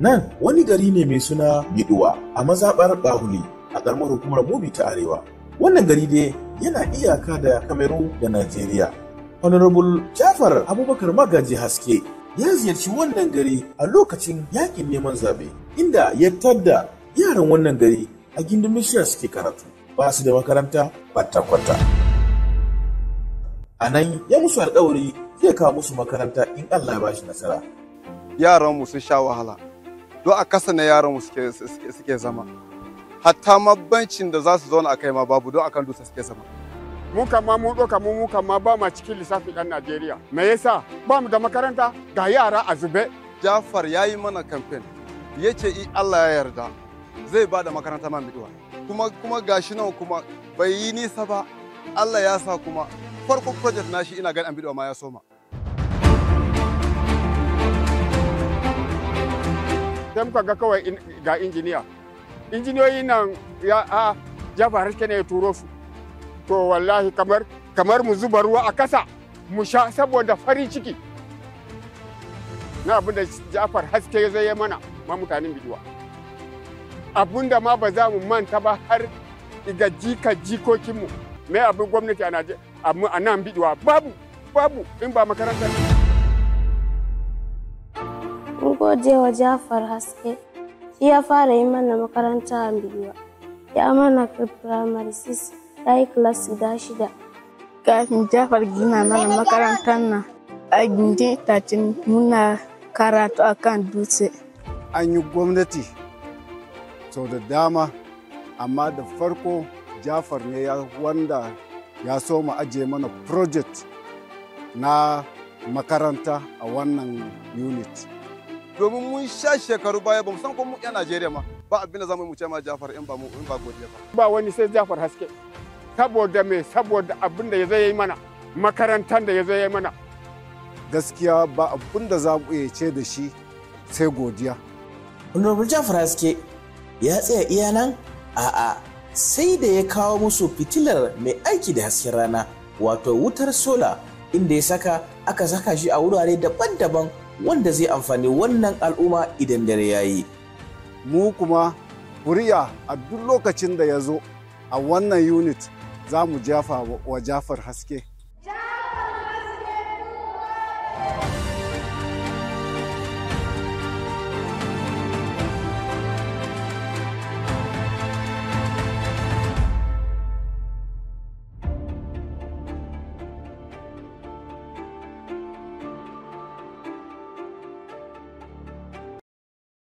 Nan wani gari ne mai suna Giduwa a mazaɓar Bahuli a ƙaramar hukumar Mubi ta Arewa. Wannan gari dai yana iyaka da Kameru da Najeriya. Honorable Jafar Abubakar Magaji Haske ya ziyarci wannan gari a lokacin yakin neman zaɓe inda ya tadda yaran wannan gari a gindin mishiya suke karatu ba su da makaranta kwata-kwata. A nan ya musu alkawari zai kawo musu makaranta in Allah ya shi nasara. Yaran mu sun sha wahala. duk a kasa na yaran suke suke zama hatta mabancin da za su zauna a kai ma babu don akan dutse suke zama mu kama mu doka mu mu kama ba ma cikin lissafi dan Najeriya me yasa ba mu da makaranta ga yara a zube Jafar yayi mana campaign yace i Allah ya yarda zai ba da makaranta ma miduwa kuma kuma gashi nan kuma bai yi nisa ba Allah ya sa kuma farko project nashi ina ga an bidiwa ma ya soma sai muka ga kawai ga injiniya injiniyoyi nan ya a jafar ne ya turo su to wallahi kamar kamar mu zuba ruwa a kasa mu sha saboda farin ciki na abin da jafar haske zai mana ma mutanen bijuwa abin da ma ba za mu manta ba har ga jika jikokinmu mai abin gwamnati a nan bijuwa babu babu in ba makarantar Mun gode wa Jafar Haske, shi ya fara yi mana makaranta a biyuwa Ya mana primary 6, ya yi class guda shida. Kafin Jafar gina mana makarantar nan, a gindi tatin muna karatu a kan dutse. An yi gwamnati sau da dama, amma da farko Jafar ne ya wanda ya so mu ajiye mana project na makaranta a wannan unit. domin mun sha shekaru baya ba mu san ko mu yan Najeriya ma ba abin da zamu mu ce ma Jafar in ba mu in ba godiya ba ba wani sai Jafar haske saboda me saboda abin da yazo yayi mana makarantar da yazo yayi mana gaskiya ba abin da za mu iya ce da shi sai godiya Honorable Jafar haske ya tsaya iya nan a'a sai da ya kawo musu fitilar mai aiki da hasken rana wato wutar sola inda ya saka aka saka shi a wurare daban-daban wanda zai amfani wannan al'umma idan dare ya yi. Mu kuma kuri'a a duk lokacin da ya zo a wannan unit za mu jafa wa Jafar haske. Jafar haske